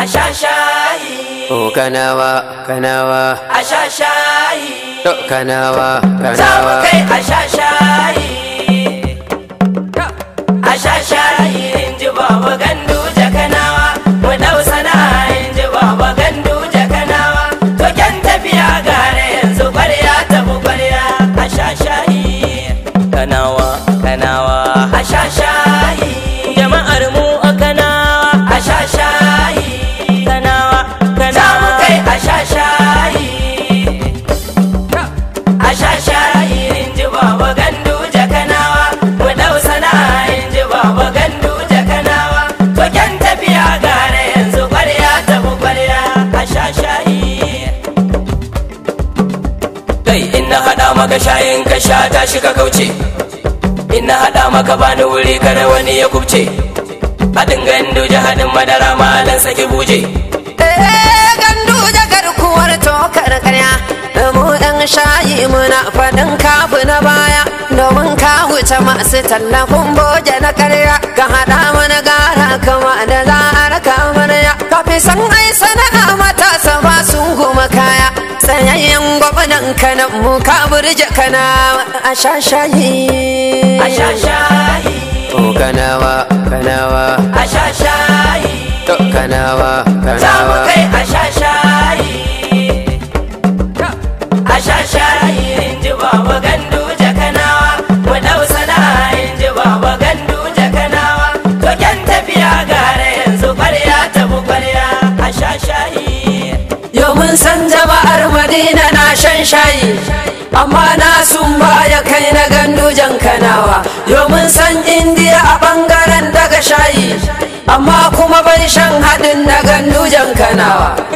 a sha o kanawa kanawa a sha shayi to kanawa kanawa kai a inna haɗa maka shayin ka sha tashi ka kauce inna hada maka bani wuri da wani ya kubce haɗin gandu haɗin madara ma dan saki buje eh gandu garkuwar tokar karya mu dan shayi muna fadin kafu na baya domin ka wuce masu tallafin boje na karya ka hada mana gara kama da za a raka mana ya kafi san ai sana'a nan kana mu ka burje kana a shashayi a shashayi to kanawa kanawa a shashayi to kanawa kanawa za mu kai a shashayi a shashayi in baba gandu jakanawa mu dau sana'a in baba gandu jakanawa to kyan tafiya gara yanzu kwarya ta mu kwarya a shashayi yau mun san jama'ar madina na shan shayi amma na sun baya kai na gandu jan kanawa yomin san indiya a bangaren daga shayi amma kuma bai shan haɗin na gandu jan kanawa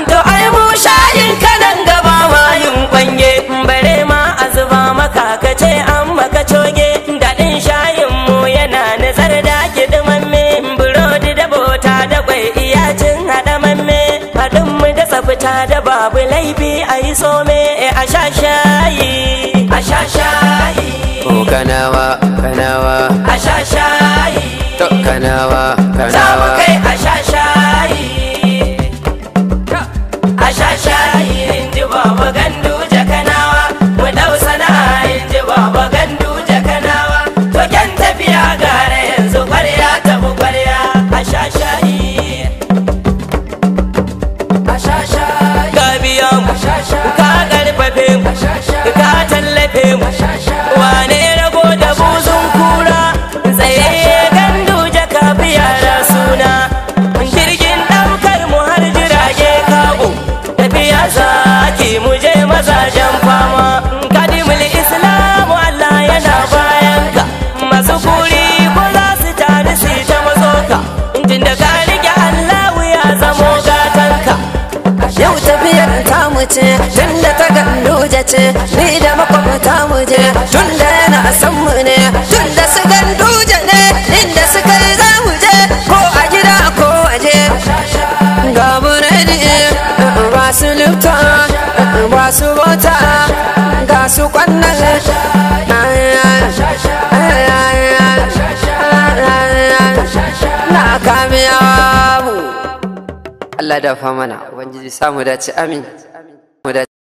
ta da babu laifi a yi tsome eh, a sha shayi a sha shayi o kanawa kanawa a sha shayi to kanawa kanawa za mu kai a sha shayi a sha shayi in ji baba gandu jakanawa mu dau sana'a in ji baba sha sha. mu tun da ta gandoja ce ni da makwabta mu je tun da yana san mu ne tun da su gandoja ne inda su kai za mu je ko a gida ko waje ga ni ba su lifta ba su bota ga su kwanna na da Allah dafa mana Ubangiji samu dace amin with